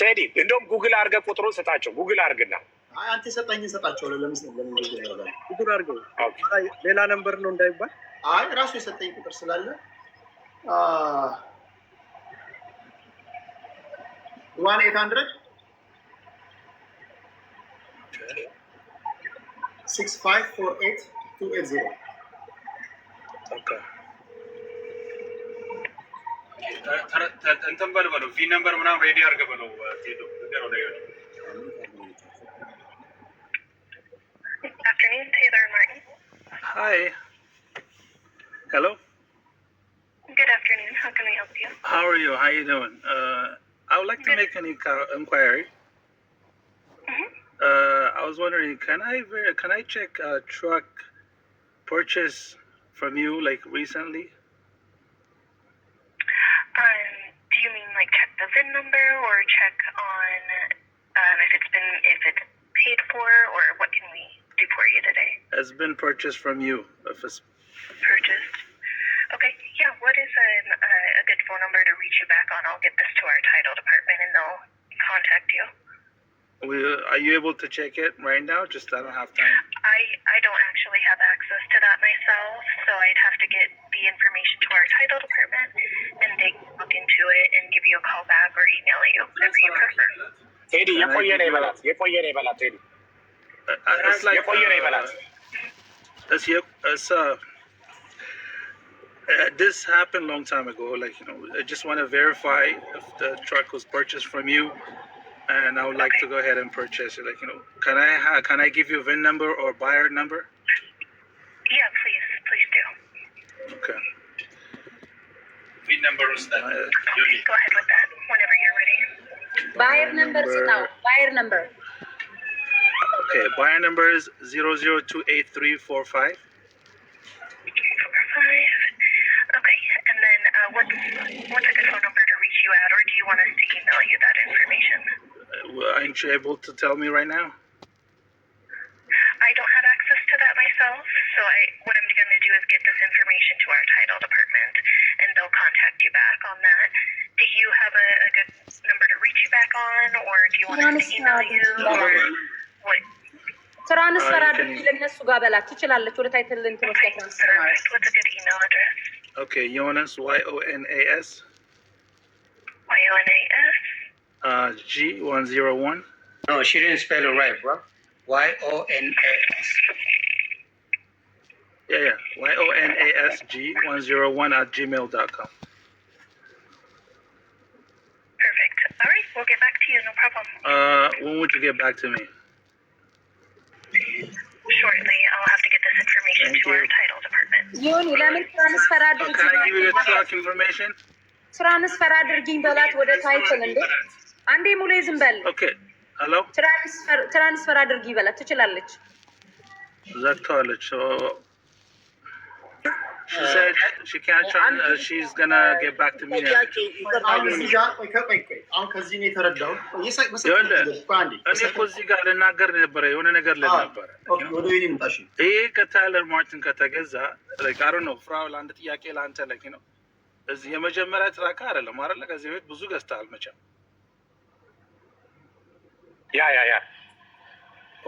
ቴዲ እንደውም ጉግል አድርገህ ቁጥሩን ስጣቸው። ጉግል አድርግና አንተ ሰጠኝ ሰጣቸው። ጉግል አድርገው ሌላ ነንበር ነው እንዳይባል። አይ ራሱ የሰጠኝ ቁጥር ስላለ ዋን ኤት ሀንድረድ ሲክስ ፋይቭ ፎር ኤት ቱ ኤት ዜሮ እንትን በል በለው ቪ ነምበር ምናምን ሬዲ አድርገህ በለው ሀይ ሄሎ How are you? How are you doing? Uh, I would like to make an inquiry. Mm-hmm. Uh, I was wondering, can I can I check a truck purchase from you like recently? PIN number or check on um, if it's been if it's paid for or what can we do for you today? Has been purchased from you. If it's purchased. Okay. Yeah. What is a, a good phone number to reach you back on? I'll get this to our title department and they'll contact you. Will, are you able to check it right now? Just I don't have time. I I don't actually have myself, so I'd have to get the information to our title department, and they look into it and give you a call back or email you, whatever you prefer. Teddy, you får ge dig balans. you får ge dig balans, Teddy. Jag får ge dig As you, uh, as uh, uh, this happened a long time ago. Like you know, I just want to verify if the truck was purchased from you, and I would like to go ahead and purchase it. Like you know, can I ha- can I give you a VIN number or buyer number? Pin number that uh, Go ahead with that whenever you're ready. Buyer number Buyer number. Okay, buyer number is 0028345. Okay, and then uh, what's, what's a good phone number to reach you at, or do you want us to email you that information? Uh, aren't you able to tell me right now? I don't have access to that myself, so I, what I'm going to do is get this information to our title department they'll contact you back on that. Do you have a, good number to reach you back on, or do you want us to email you? Or what? ስራ እንስራ ለእነሱ ጋር በላት ትችላለች። ወደ ታይትል እንትኖች ዮናስ ዋይ ኦ ኤን ኤ ኤስ ጂ ዋን ዜሮ ዋን ኖ ሺ ዲድንት ስፔል ራይት ብሮ ዋይ ኦ ኤን ኤ ኤስ yeah, yeah. Y O N A S G 101 at gmail.com. Perfect. All right, we'll get back to you, no problem. Uh, when would you get back to me? Shortly. I'll have to get this information Thank to you. our title department. Yun, ለምን ትራንስፈር አድርጊ? Can I give you the truck information? ትራንስፈር አድርጊኝ በላት ወደ ታይትል እንዴ! አንዴ ሙሌ ዝም በል። ኦኬ ሄሎ። ትራንስፈር አድርጊ በላት ትችላለች። ዘግተዋለች። አሁን ከዚህ ነው የተረዳሁት። እኔ እኮ እዚህ ጋር ልናገር ነበረ የሆነ ነገር ልነበረ ይሄ ከታይለር ማርቲን ከተገዛ ቃሩ ነው ፍራው ለአንድ ጥያቄ ለአንተ ለኪ ነው እዚህ የመጀመሪያ ትራካ አይደለም አለ ከዚህ በፊት ብዙ ገዝተሃል መቼም ያ ያ ያ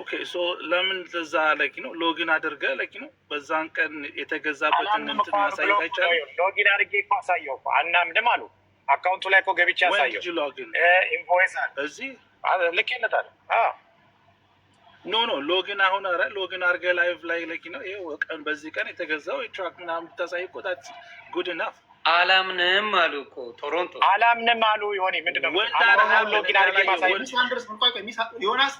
ኦኬ ሶ ለምን እዛ ላይክ ነው ሎጊን አድርገ ላይክ ነው በዛን ቀን የተገዛበት እንት ማሳየት አይቻልም። ሎጊን አድርጌ እኮ አሳየው እኮ አናምንም አሉ። አካውንቱ ላይ እኮ ገብቼ አሳየው ኢንቮይስ አለ እዚህ ልኬለታል። ኖ ኖ ሎጊን አሁን አረ ሎጊን አድርገህ ላይቭ ላይ ላይክ ነው ይሄ ቀን በዚህ ቀን የተገዛው የትራክ ምናምን ብታሳይ እኮ ጉድ ኢናፍ አላምንም አሉ እኮ ቶሮንቶ አላምንም አሉ። የሆነ ምንድነው ዮናስ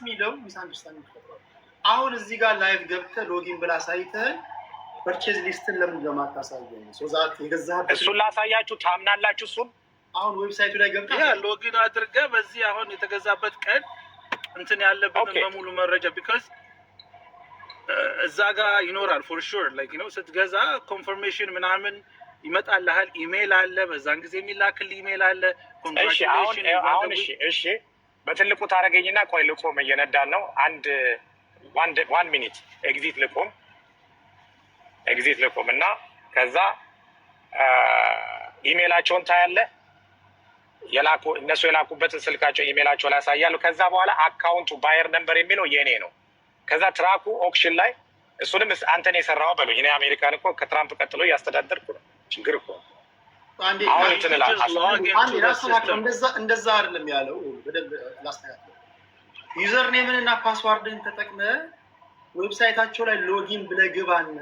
አሁን እዚህ ጋር ላይቭ ገብተህ ሎጊን ብላ አሳይተህን ፐርቼዝ ሊስትን ለምን ለማታሳየን ሶዛት እሱን ላሳያችሁ ታምናላችሁ። እሱን አሁን ዌብሳይቱ ላይ ገብተህ ሎጊን አድርገህ በዚህ አሁን የተገዛበት ቀን እንትን ያለበትን በሙሉ መረጃ ቢካዝ እዛ ጋር ይኖራል ፎር ሹር ላይክ ነው ስትገዛ ኮንፈርሜሽን ምናምን ይመጣልሃል። ኢሜይል አለ፣ በዛን ጊዜ የሚላክል ኢሜይል አለ። አሁን እሺ፣ በትልቁ ታደረገኝና ቆይ፣ ልቆም፣ እየነዳን ነው። አንድ ዋን ሚኒት ኤግዚት ልቆም፣ ኤግዚት ልቆም እና ከዛ ኢሜይላቸውን ታያለህ። የላኩ እነሱ የላኩበትን ስልካቸው ኢሜይላቸው ላይ ያሳያሉ። ከዛ በኋላ አካውንቱ ባየር ነንበር የሚለው የእኔ ነው። ከዛ ትራኩ ኦክሽን ላይ እሱንም አንተን የሰራው በሉኝ። እኔ አሜሪካን እኮ ከትራምፕ ቀጥሎ እያስተዳደርኩ ነው። ችግር እኮ እንደዛ አይደለም ያለው። በደንብ ላስተካክል። ዩዘር ኔምን እና ፓስዋርድን ተጠቅመ ዌብሳይታቸው ላይ ሎጊን ብለህ ግባና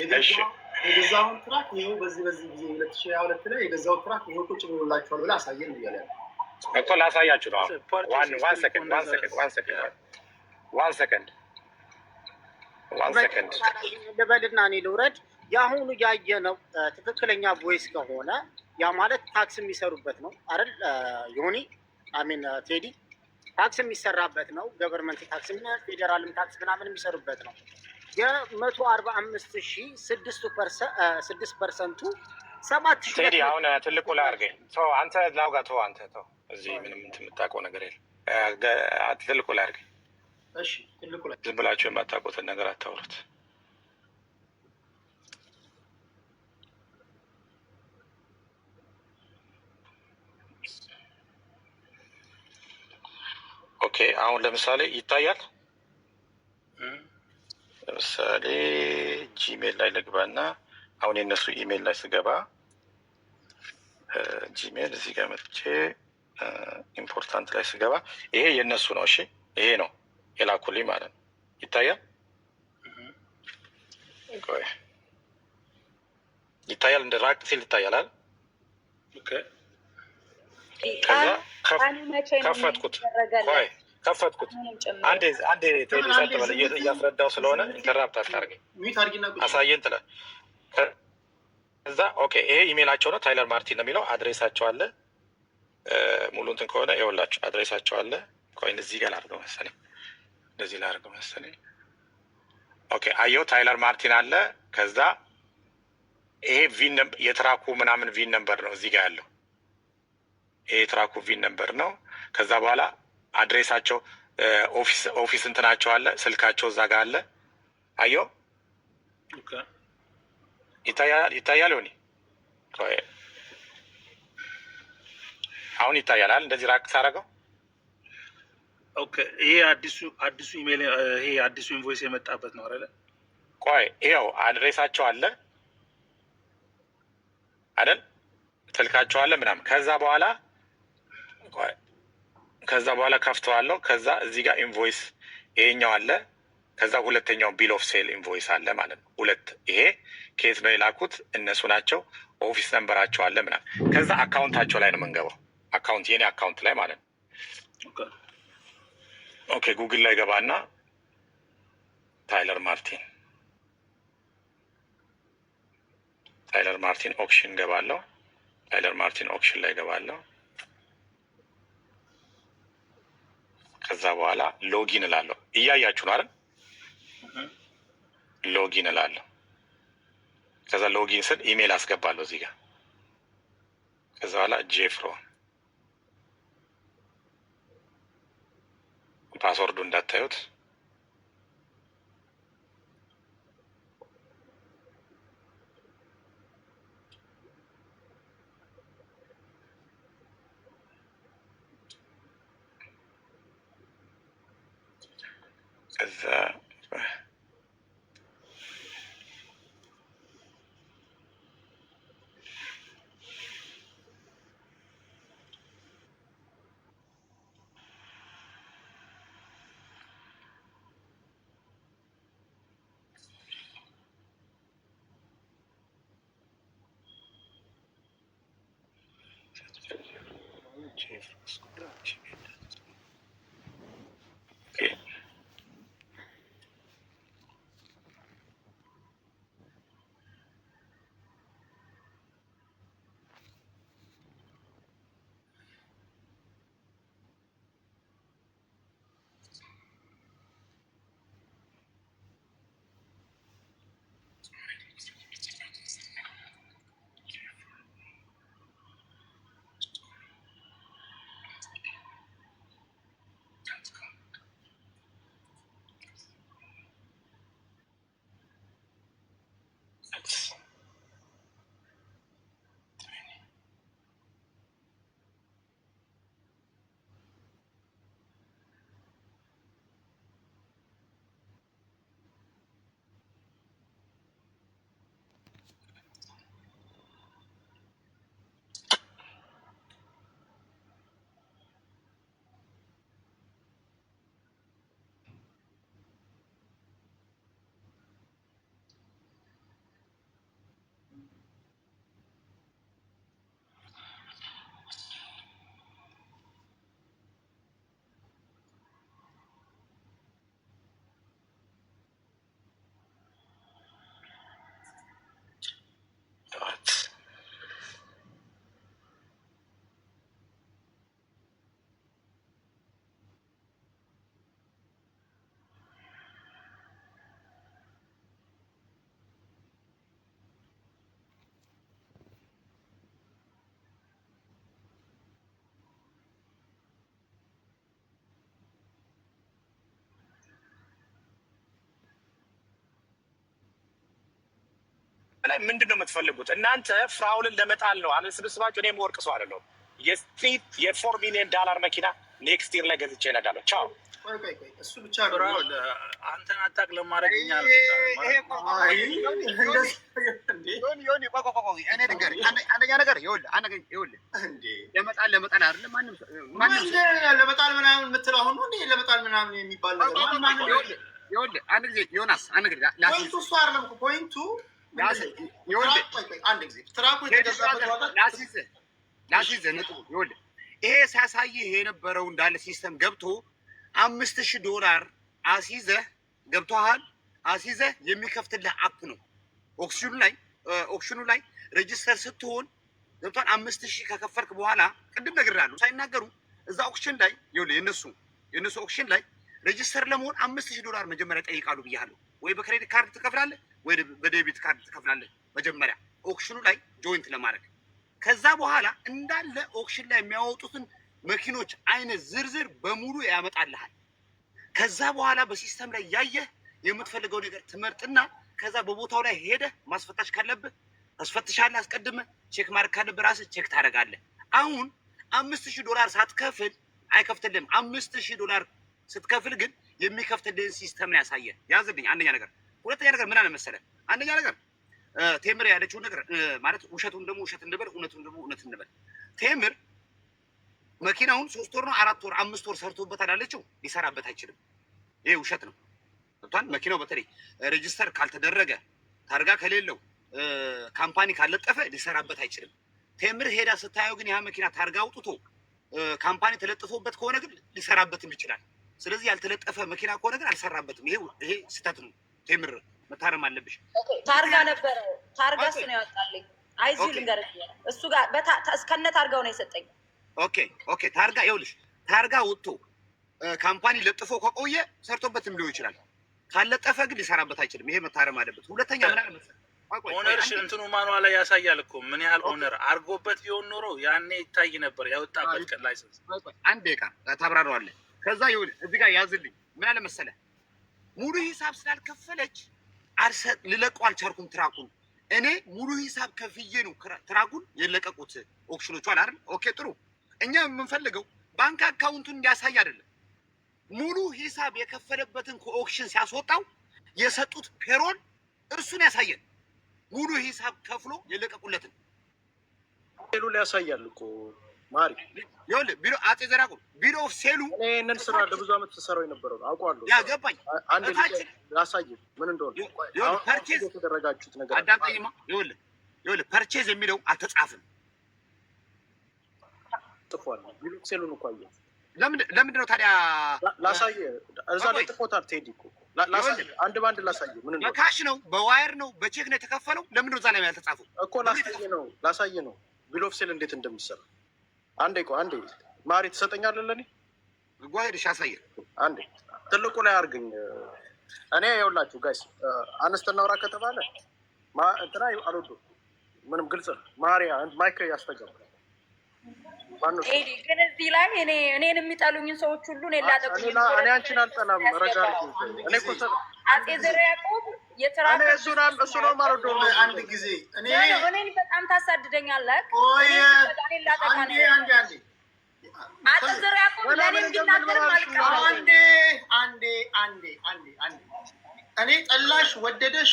የገዛውን ትራክ ይኸው በዚህ በዚህ ጊዜ ሁለት ሺህ ሀያ ሁለት ላይ የገዛው ትራክ ይኸው ቁጭ ብሎላቸዋል ብለ አሳየን እያለ እኮ ላሳያችሁ ነው። ዋን ሰከንድ ልበልና እኔ ልውረድ የአሁኑ ያየነው ትክክለኛ ቮይስ ከሆነ ያ ማለት ታክስ የሚሰሩበት ነው አይደል? ዮኒ አሚን ቴዲ ታክስ የሚሰራበት ነው። ገቨርንመንት ታክስ፣ ፌዴራልም ታክስ ምናምን የሚሰሩበት ነው። የመቶ አርባ አምስት ሺ ስድስት ፐርሰንቱ ሰባት ሺ ቴዲ አሁን ትልቁ ላይ አድርገኝ። ተው አንተ ላውጋ፣ ተው አንተ ተው። እዚህ ምንም የምታውቀው ነገር የለም። ትልቁ ላይ አድርገኝ። ዝም ብላችሁ የማታውቁትን ነገር አታውሩት። ኦኬ አሁን ለምሳሌ ይታያል። ለምሳሌ ጂሜል ላይ ልግባና አሁን የነሱ ኢሜል ላይ ስገባ ጂሜል እዚህ ጋር መጥቼ ኢምፖርታንት ላይ ስገባ ይሄ የእነሱ ነው። እሺ ይሄ ነው የላኩልኝ ማለት ነው። ይታያል ይታያል፣ እንደ ራቅ ሲል ይታያል። ከፈትኩት ከፈትኩት አንዴ አንዴ ቴሌሰጥ በለ እያስረዳው ስለሆነ ኢንተራፕት አሳየን ኦኬ ይሄ ኢሜይላቸው ነው ታይለር ማርቲን ነው የሚለው አድሬሳቸው አለ። ሙሉ እንትን ከሆነ አድሬሳቸው አለ። እዚህ ጋር መሰለኝ፣ እንደዚህ መሰለኝ። ኦኬ አየው ታይለር ማርቲን አለ። ከዛ ይሄ ቪን የትራኩ ምናምን ቪን ነምበር ነው እዚህ ጋር ያለው ትራኩቪን ነበር ነው። ከዛ በኋላ አድሬሳቸው ኦፊስ እንትናቸው አለ፣ ስልካቸው እዛ ጋር አለ። አዮ ይታያል፣ ሆኒ አሁን ይታያላል። እንደዚህ ራቅ ሳረገው ይሄ አዲሱ አዲሱ ኢሜል ይሄ አዲሱ ኢንቮይስ የመጣበት ነው አይደለ? ቆይ ይኸው አድሬሳቸው አለ አይደል? ስልካቸው አለ ምናምን ከዛ በኋላ ከዛ በኋላ ከፍተዋለው። ከዛ እዚህ ጋር ኢንቮይስ ይሄኛው አለ። ከዛ ሁለተኛው ቢል ኦፍ ሴል ኢንቮይስ አለ ማለት ነው። ሁለት ይሄ ከየት ነው የላኩት? እነሱ ናቸው። ኦፊስ ነንበራቸው አለ ምናምን። ከዛ አካውንታቸው ላይ ነው የምንገባው። አካውንት የኔ አካውንት ላይ ማለት ነው። ኦኬ ጉግል ላይ ገባና ታይለር ማርቲን ታይለር ማርቲን ኦክሽን ገባለው። ታይለር ማርቲን ኦክሽን ላይ ገባለው። ከዛ በኋላ ሎጊን እላለሁ። እያያችሁ ነው አይደል? ሎጊን እላለሁ። ከዛ ሎጊን ስል ኢሜይል አስገባለሁ እዚህ ጋር። ከዛ በኋላ ጄፍሮ ፓስወርዱ እንዳታዩት الذا Chief, school, chief. ላይ ምንድን ነው የምትፈልጉት እናንተ? ፍራውልን ለመጣል ነው አለ ስብስባቸው። እኔ የምወርቅ ሰው አይደለሁም። የስትሪት የፎር ሚሊዮን ዳላር መኪና ኔክስት ይር ላይ ገዝቼ እነዳለሁ። ቻው። እሱ ብቻ አንተን አታቅ ለማድረግ ነገር ለመጣል ለመጣል አይደለም። ማንም ለመጣል ምናምን የምትለው አሁን እንደ ለመጣል ምናምን የሚባል ነገር አንድ ጊዜ ዮናስ አንድ ጊዜ ፖይንቱ እሱ አይደለም ፖይንቱ ይሄ ሲያሳይህ የነበረው እንዳለ ሲስተም ገብቶ አምስት ሺህ ዶላር አስይዘህ ገብቶሃል። አስይዘህ የሚከፍትልህ አፕ ነው። ኦክሽኑ ላይ ኦክሽኑ ላይ ሬጅስተር ስትሆን ገብቷል። አምስት ሺህ ከከፈልክ በኋላ ቅድም ነግሬሃለሁ ሳይናገሩ እዛ ኦክሽን ላይ የእነሱ የእነሱ ኦክሽን ላይ ሬጅስተር ለመሆን አምስት ሺህ ዶላር መጀመሪያ ይጠይቃሉ ብያለሁ። ወይ በክሬዲት ካርድ ትከፍላለህ፣ ወይ በዴቢት ካርድ ትከፍላለህ። መጀመሪያ ኦክሽኑ ላይ ጆይንት ለማድረግ ከዛ በኋላ እንዳለ ኦክሽን ላይ የሚያወጡትን መኪኖች አይነት ዝርዝር በሙሉ ያመጣልሃል። ከዛ በኋላ በሲስተም ላይ ያየህ የምትፈልገው ነገር ትመርጥና ከዛ በቦታው ላይ ሄደህ ማስፈታሽ ካለብህ ታስፈትሻለህ። አስቀድመህ ቼክ ማድረግ ካለብህ ራስህ ቼክ ታደርጋለህ። አሁን አምስት ሺህ ዶላር ሳትከፍል አይከፍትልም። አምስት ሺህ ዶላር ስትከፍል ግን የሚከፍትልህን ሲስተም ነው ያሳየ ያዝልኝ። አንደኛ ነገር፣ ሁለተኛ ነገር ምን አለ አንደኛ ነገር ቴምር ያለችው ነገር ማለት ውሸቱን ደግሞ ውሸት እንበል፣ እውነቱን ደግሞ እውነት እንበል። ቴምር መኪናውን ሶስት ወር ነው አራት ወር አምስት ወር ሰርቶበታል አለችው፣ ሊሰራበት አይችልም። ይሄ ውሸት ነው። ቷን መኪናው በተለይ ሬጅስተር ካልተደረገ ታርጋ ከሌለው ካምፓኒ ካልለጠፈ ሊሰራበት አይችልም። ቴምር ሄዳ ስታየው ግን ያ መኪና ታርጋ አውጥቶ ካምፓኒ ተለጥፎበት ከሆነ ግን ሊሰራበትም ይችላል። ስለዚህ ያልተለጠፈ መኪና ከሆነ ግን አልሰራበትም። ይሄ ይሄ ስህተት ነው። ቴምር መታረም አለብሽ። ታርጋ ነበረ ታርጋ ስ ነው ያወጣልኝ። አይዚ ልንገር እሱ ጋር እስከነ ታርጋው ነው የሰጠኝ። ኦኬ ኦኬ። ታርጋ ይኸውልሽ፣ ታርጋ ወጥቶ ካምፓኒ ለጥፎ ከቆየ ሰርቶበትም ሊሆን ይችላል። ካለጠፈ ግን ሊሰራበት አይችልም። ይሄ መታረም አለበት። ሁለተኛ ምን አለ መሰለህ ኦነር እንትኑ ማኗ ላይ ያሳያል እኮ ምን ያህል ኦነር አድርጎበት ቢሆን ኖሮ ያኔ ይታይ ነበር። ያወጣበት ቀን ላይሰንስ አንድ ቃ ታብራረዋለን። ከዛ ይሁን እዚህ ጋር ያዝልኝ። ምን አለ መሰለ ሙሉ ሂሳብ ስላልከፈለች አርሰ ልለቀው አልቻልኩም ትራኩን። እኔ ሙሉ ሂሳብ ከፍዬ ነው ትራኩን የለቀቁት ኦክሽኖቹ አለ አይደል? ኦኬ ጥሩ። እኛ የምንፈልገው ባንክ አካውንቱን እንዲያሳይ አይደለም ሙሉ ሂሳብ የከፈለበትን ከኦክሽን ሲያስወጣው የሰጡት ፔሮል እርሱን ያሳየን። ሙሉ ሂሳብ ከፍሎ የለቀቁለትን ሌሉ ሊያሳያል እኮ ማሪ ይሁን ቢሮ አጼ ዘራቁም ቢሮ ኦፍ ሴሉ ይህንን ስራ ለብዙ አመት ተሰራው የነበረው አውቀዋለሁ። ያ ገባኝ። አንድ ላሳይህ ምን እንደሆነ ይሁን ፐርቼዝ የተደረጋችሁት ነገር አዳምጠኝማ። ይሁን ይሁን ፐርቼዝ የሚለው አልተጻፍም፣ ጥፏል። ቢሮ ኦፍ ሴሉን እኮ አየህ። ለምንድን ነው ታዲያ ላሳየ? እዛ ላይ ጥፎታል። ቴዲ እኮ አንድ በአንድ ላሳየ። ምን ካሽ ነው በዋየር ነው በቼክ ነው የተከፈለው። ለምንድን ነው እዛ ላይ ያልተጻፈው? እኮ ላሳየ ነው ላሳየ ነው ቢሮ ሴል እንዴት እንደሚሰራ አንዴ ቆይ አንዴ ማሪ ትሰጠኛለህ? ለኔ ጓሄድ ሻሳየ አንዴ ትልቁ ላይ አርግኝ እኔ የውላችሁ ጋይስ አነስት እናውራ ከተባለ እንትና አልወዱ ምንም ግልጽ ማሪያ ማይክ ያስተጋባ ግን እዚህ ላይ እኔ እኔን የሚጠሉኝን ሰዎች ሁሉ እኔ ላጠቁኝ። እኔ አንቺን አልጠላም። ረጋ እኔ አጼ ዘርዓ ያዕቆብ አንድ ጊዜ እኔን በጣም ታሳድደኛለህ። እኔ ጠላሽ ወደደሽ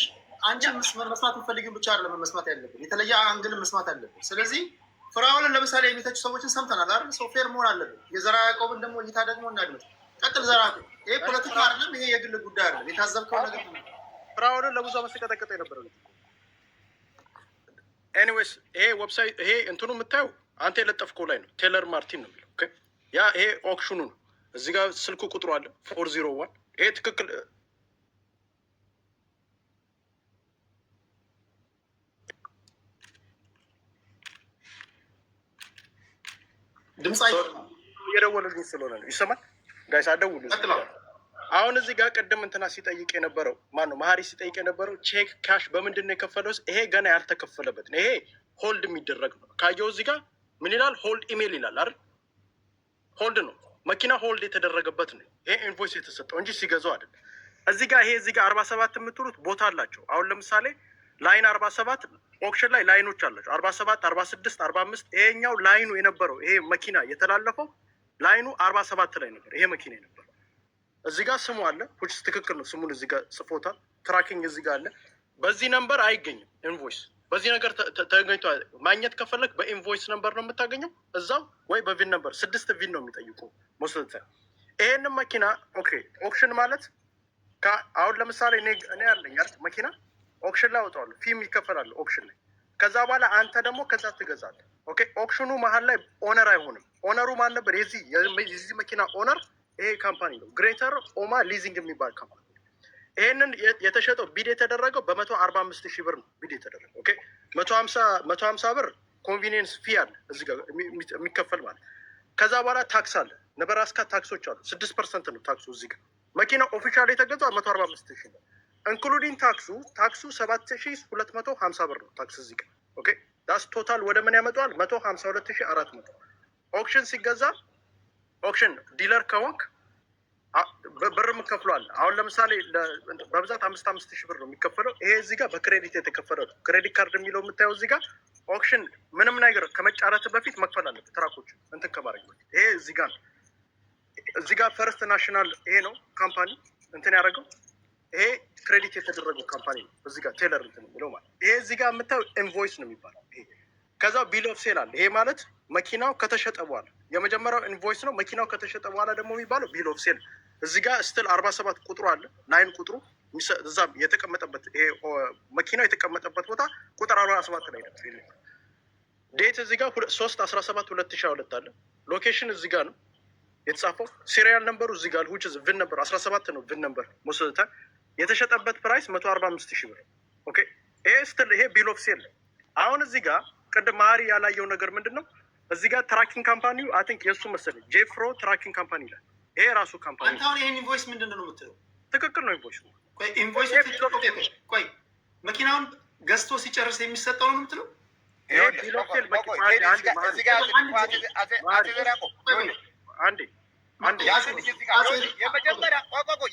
አንቺ መስማት የምፈልግን ብቻ አይደለም መስማት ያለብን፣ የተለየ አንግልም መስማት አለብን። ስለዚህ ፍራውልን ለምሳሌ የሚተቹ ሰዎችን ሰምተናል አይደል? ሰው ፌር መሆን አለብን። የዘራ ያዕቆብን ደግሞ እይታ ደግሞ እናድመጥ። ቀጥል። ዘራ ይሄ ፖለቲካ አይደለም፣ ይሄ የግል ጉዳይ አይደለም። የታዘብከው ነገር ፍራውን ለብዙ አመት ሲቀጠቅጥ የነበረ ልጅ። ኤኒዌይስ ይሄ ዌብሳይት ይሄ እንትኑ የምታየው አንተ የለጠፍከው ላይ ነው። ቴለር ማርቲን ነው የሚለው ያ ይሄ ኦክሽኑ ነው። እዚህ ጋር ስልኩ ቁጥሩ አለ ፎር ዚሮ ዋን ይሄ ትክክል ድምፅ እየደወለልኝ ስለሆነ ነው። ይሰማል ጋይስ አደውሉ አሁን እዚህ ጋር ቅድም እንትና ሲጠይቅ የነበረው ማነው መሀሪ ሲጠይቅ የነበረው ቼክ ካሽ በምንድን ነው የከፈለው? ይሄ ገና ያልተከፈለበት ነው። ይሄ ሆልድ የሚደረግ ነው። ካየው እዚህ ጋር ምን ይላል? ሆልድ ኢሜል ይላል አይደል? ሆልድ ነው መኪና ሆልድ የተደረገበት ነው። ይሄ ኢንቮይስ የተሰጠው እንጂ ሲገዛው አይደለም። እዚህ ጋር ይሄ እዚህ ጋር አርባ ሰባት የምትሉት ቦታ አላቸው። አሁን ለምሳሌ ላይን አርባ ሰባት ኦክሽን ላይ ላይኖች አላቸው። አርባ ሰባት አርባ ስድስት አርባ አምስት ይሄኛው ላይኑ የነበረው ይሄ መኪና የተላለፈው ላይኑ አርባ ሰባት ላይ ነበር ይሄ መኪና የነበረው እዚህ ጋር ስሙ አለ ፖችስ ትክክል ነው። ስሙን እዚህ ጋር ጽፎታል። ትራኪንግ እዚህ ጋር አለ። በዚህ ነንበር አይገኝም ኢንቮይስ። በዚህ ነገር ተገኝቶ ማግኘት ከፈለግ በኢንቮይስ ነንበር ነው የምታገኘው እዛው፣ ወይ በቪን ነንበር። ስድስት ቪን ነው የሚጠይቁ መስሎተ ይሄንን መኪና ኦኬ። ኦክሽን ማለት አሁን ለምሳሌ እኔ ያለኝ መኪና ኦክሽን ላይ አወጣዋለሁ፣ ፊም ይከፈላል ኦክሽን ላይ። ከዛ በኋላ አንተ ደግሞ ከዛ ትገዛለህ። ኦኬ ኦክሽኑ መሀል ላይ ኦነር አይሆንም። ኦነሩ ማን ነበር? የዚህ መኪና ኦነር ይሄ ካምፓኒ ነው። ግሬተር ኦማ ሊዚንግ የሚባል ካምፓኒ ይህንን የተሸጠው ቢድ የተደረገው በመቶ አርባ አምስት ሺህ ብር ነው። ቢድ የተደረገው ኦኬ መቶ ሀምሳ መቶ ሀምሳ ብር ኮንቬኒየንስ ፊ አለ እዚህ ጋር የሚከፈል ማለት ከዛ በኋላ ታክስ አለ። ነበራስካ ታክሶች አሉ። ስድስት ፐርሰንት ነው ታክሱ እዚህ ጋር መኪና ኦፊሻል የተገዛው መቶ አርባ አምስት ሺህ ነው። ኢንክሉዲንግ ታክሱ ታክሱ ሰባት ሺ ሁለት መቶ ሀምሳ ብር ነው ታክስ እዚህ ጋር ኦኬ ዳስ ቶታል ወደ ምን ያመጣዋል? መቶ ሀምሳ ሁለት ሺ አራት መቶ ኦክሽን ሲገዛ ኦክሽን ዲለር ከወንክ ብርም ከፍሏል። አሁን ለምሳሌ በብዛት አምስት አምስት ሺህ ብር ነው የሚከፈለው። ይሄ እዚህ ጋር በክሬዲት የተከፈለ ነው። ክሬዲት ካርድ የሚለው የምታየው እዚህ ጋር ኦክሽን ምንም ነገር ከመጫረት በፊት መክፈል አለበት። ትራኮች እንትን ከማድረግ በፊት ይሄ እዚህ ጋር ነው። እዚህ ጋር ፈርስት ናሽናል ይሄ ነው ካምፓኒ እንትን ያደረገው ይሄ ክሬዲት የተደረገው ካምፓኒ ነው። እዚህ ጋር ቴለር እንትን የሚለው ማለት ይሄ እዚህ ጋር የምታየው ኢንቮይስ ነው የሚባለው ይሄ ከዛ ቢል ኦፍ ሴል አለ። ይሄ ማለት መኪናው ከተሸጠ በኋላ የመጀመሪያው ኢንቮይስ ነው። መኪናው ከተሸጠ በኋላ ደግሞ የሚባለው ቢል ኦፍ ሴል እዚህ ጋር ስትል አርባ ሰባት ቁጥሩ አለ ናይን ቁጥሩ እዛ የተቀመጠበት መኪናው የተቀመጠበት ቦታ ቁጥር አርባ ሰባት ላይ ዴት እዚህ ጋር ሶስት አስራ ሰባት ሁለት ሺ ሁለት አለ። ሎኬሽን እዚህ ጋር ነው የተጻፈው። ሲሪያል ነንበሩ እዚህ ጋር ሁች ቪን ነበር አስራ ሰባት ነው ቪን ነበር ሞስታ የተሸጠበት ፕራይስ መቶ አርባ አምስት ሺ ብር ይሄ ስትል ይሄ ቢል ኦፍ ሴል አሁን እዚህ ጋር ቅድም ማሪ ያላየው ነገር ምንድን ነው? እዚህ ጋር ትራኪንግ ካምፓኒ አይ ቲንክ የእሱ መሰለኝ ጄፍሮ ትራኪንግ ካምፓኒ ይላል። ይሄ ራሱ ካምፓኒ አንተ አሁን ኢንቮይስ ምንድን ነው የምትለው? ትክክል ነው ኢንቮይስ ኢንቮይስ ቆይ መኪናውን ገዝቶ ሲጨርስ የሚሰጠው ነው የምትለው?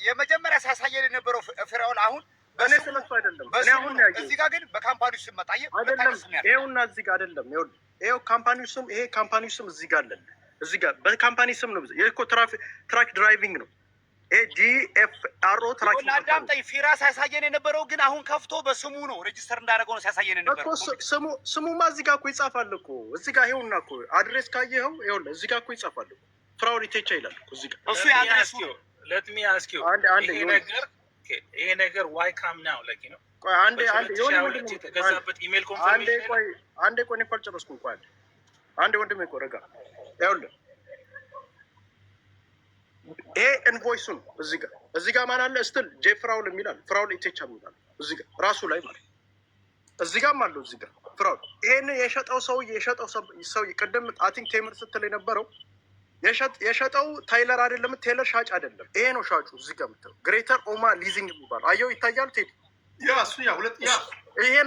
የመጀመሪያ ሳሳየን የነበረው ፍራውን አሁን እኔ ስለሱ አይደለም። እኔ አሁን እዚህ ጋር ግን ስም መጣየ ይኸውና፣ እዚህ ጋር አይደለም። ይኸውልህ፣ ይኸው ስም ይሄ ስም እዚህ ጋር አለን። እዚህ ጋር በካምፓኒ ስም ነው። እኮ ትራክ ድራይቪንግ ነው። ጂኤፍአርኦ ትራክ ሲያሳየን የነበረው ግን አሁን ከፍቶ በስሙ ነው ሬጅስተር እንዳደረገው ነው ሲያሳየን የነበረው። ስሙማ እዚህ ጋር እኮ ይጻፋል እኮ እዚህ ጋር ይኸውና እኮ አድሬስ ካየኸው ይኸውልህ፣ እዚህ ጋር እኮ ይጻፋል እኮ ኢቴቻ ይላል እኮ እዚህ ጋር እሱ ለትሚ አስኪው ይሄ ነገር ይሄ ነገር ዋይ ካም ናው ለኪ ነው። ቆይ ኢሜል ኮንፈርሜሽን አንዴ ቆይ እኮ አልጨረስኩም። አንዴ ወንድም እኮ ረጋ ይሄ እዚህ ጋር እዚህ ጋር ማን አለ ስትል ጄ ፍራውል የሚላል ፍራውል ኢቴቻ የሚላል እዚህ ጋር ራሱ ላይ ማለት እዚህ ጋርም አለው እዚህ ጋር ፍራውል። ይሄን የሸጠው ሰው የሸጠው ሰው ቅድም አይ ቲንክ ቴምር ስትል የነበረው የሸጠው ታይለር አይደለም፣ ቴይለር ሻጭ አይደለም። ይሄ ነው ሻጩ። እዚህ ጋር የምትለው ግሬተር ኦማ ሊዚንግ የሚባል አየው፣ ይታያል። ቴዲ ይሄ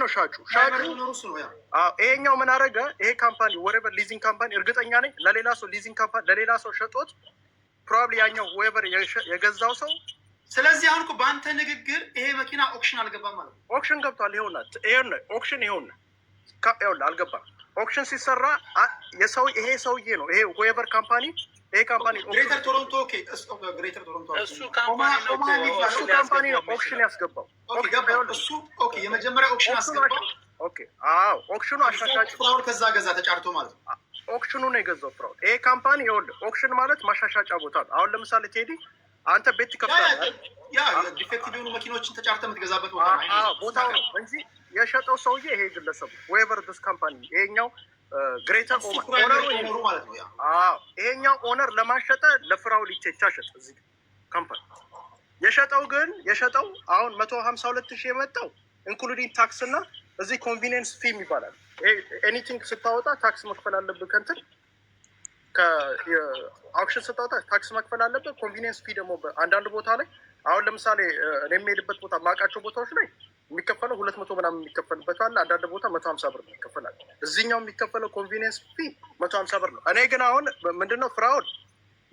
ነው ሻጩ። ይሄኛው ምን አረገ? ይሄ ካምፓኒ ወሬቨር ሊዚንግ ካምፓኒ፣ እርግጠኛ ነኝ ለሌላ ሰው ሊዚንግ ካምፓኒ ለሌላ ሰው ሸጦት ፕሮባብሊ ያኛው ወሬቨር የገዛው ሰው ስለዚህ አሁን በአንተ ንግግር ይሄ መኪና ኦክሽን አልገባም ማለት ነው። ኦክሽን ገብቷል። ይኸውና ይሄ ኦክሽን ይኸውና፣ ይኸውና አልገባም ኦክሽን ሲሰራ የሰው ይሄ ሰውዬ ነው ይሄ ዌቨር ካምፓኒ ይሄ ካምፓኒ ግሬተር ቶሮንቶ እሱ ካምፓኒ ነው ኦክሽን ያስገባው። እሱ የመጀመሪያ ኦክሽን አዎ ኦክሽኑ አሻሻጭ ከዛ ገዛ ተጫርቶ ማለት ነው። ኦክሽኑ ነው የገዛው ፍራውል። ይሄ ካምፓኒ ይኸውልህ፣ ኦክሽን ማለት ማሻሻጫ ቦታ ነው። አሁን ለምሳሌ ቴዲ አንተ ቤት ትከፍታለህ። ያ ዲፌክቲቭ የሆኑ መኪኖችን ተጫርተ የምትገዛበት ቦታ ነው እንጂ የሸጠው ሰውዬ ይሄ ግለሰብ ዌቨር ዲስ ካምፓኒ ይሄኛው ግሬተር ኦነር ይሄኛው ኦነር ለማሸጠ ለፍራው ሊቼቻ ሸጥ እዚህ ካምፓኒ የሸጠው ግን የሸጠው አሁን መቶ ሀምሳ ሁለት ሺህ የመጣው ኢንክሉዲንግ ታክስ እና እዚህ ኮንቪኒየንስ ፊም ይባላል። ኤኒቲንግ ስታወጣ ታክስ መክፈል አለብህ። ከንትን ከአክሽን ስታወጣ ታክስ መክፈል አለብህ። ኮንቪኒየንስ ፊ ደግሞ አንዳንድ ቦታ ላይ አሁን ለምሳሌ የሚሄድበት ቦታ ማውቃቸው ቦታዎች ላይ የሚከፈለው ሁለት መቶ ምናምን የሚከፈልበት አለ። አንዳንድ ቦታ መቶ ሀምሳ ብር ነው ይከፈላል። እዚኛው የሚከፈለው ኮንቬኒንስ ፊ መቶ ሀምሳ ብር ነው። እኔ ግን አሁን ምንድነው ፍራውን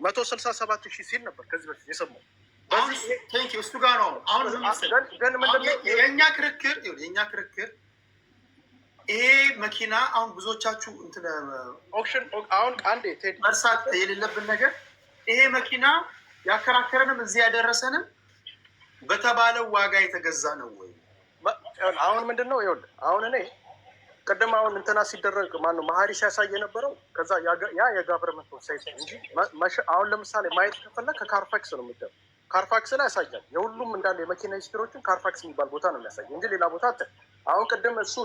መቶ ስልሳ ሰባት ሺህ ሲል ነበር ከዚህ በፊት የሰማው እሱ ጋር ነው። አሁን የእኛ ክርክር የእኛ ክርክር ይሄ መኪና አሁን ብዙዎቻችሁ እንትን ኦክሽን አሁን አንዴ መርሳት የሌለብን ነገር ይሄ መኪና ያከራከረንም እዚህ ያደረሰንም በተባለው ዋጋ የተገዛ ነው ወይ አሁን ምንድን ነው ይኸውልህ፣ አሁን እኔ ቅድም አሁን እንትና ሲደረግ ማን ነው መሀሪ ሲያሳይ የነበረው ከዛ ያ የጋቨርንመንት ዌብሳይት እንጂ አሁን ለምሳሌ ማየት ከፈለግ ከካርፋክስ ነው የሚገባ። ካርፋክስ ላይ ያሳያል። የሁሉም እንዳለ የመኪና ሂስትሪዎችን ካርፋክስ የሚባል ቦታ ነው የሚያሳይ እንጂ ሌላ ቦታ አተ አሁን ቅድም እሱ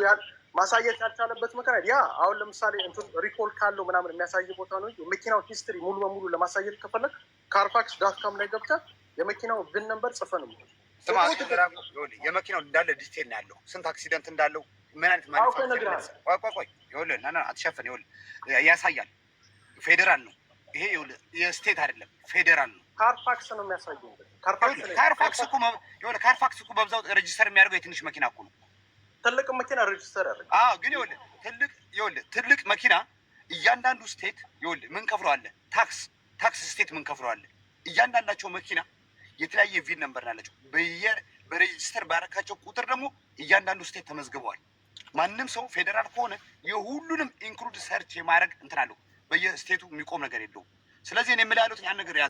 ማሳየት ያልቻለበት ምክንያት ያ አሁን ለምሳሌ እንትን ሪኮል ካለው ምናምን የሚያሳይ ቦታ ነው የመኪናው ሂስትሪ ሙሉ በሙሉ ለማሳየት ከፈለግ ካርፋክስ ዳትካም ላይ ገብተህ የመኪናው ቪን ነንበር ጽፈን ነው የመኪናው እንዳለ ዲቴል ነው ያለው። ስንት አክሲደንት እንዳለው ምን አይነት ማቆቆይ ይኸውልህ፣ ና አትሸፍን፣ ይኸውልህ ያሳያል። ፌዴራል ነው ይሄ፣ ይኸውልህ የስቴት አይደለም ፌዴራል ነው። ካርፋክስ ነው የሚያሳየው። ካርፋክስ እኮ ይኸውልህ፣ ካርፋክስ እኮ በብዛው ሬጅስተር የሚያደርገው የትንሽ መኪና እኮ ነው። ትልቅ መኪና ሬጅስተር ያደርግ። አዎ፣ ግን ይኸውልህ፣ ትልቅ ይኸውልህ፣ ትልቅ መኪና እያንዳንዱ ስቴት ይኸውልህ ምን ከፍለዋለህ ታክስ፣ ታክስ ስቴት ምን ከፍለዋለህ እያንዳንዳቸው መኪና የተለያየ ቪን ነምበር ናለችው። በሬጅስተር ባረካቸው ቁጥር ደግሞ እያንዳንዱ ስቴት ተመዝግበዋል። ማንም ሰው ፌዴራል ከሆነ የሁሉንም ኢንክሉድ ሰርች የማድረግ እንትን አለው። በየስቴቱ የሚቆም ነገር የለውም። ስለዚህ እኔ የምልህ ያሉት ያን ነገር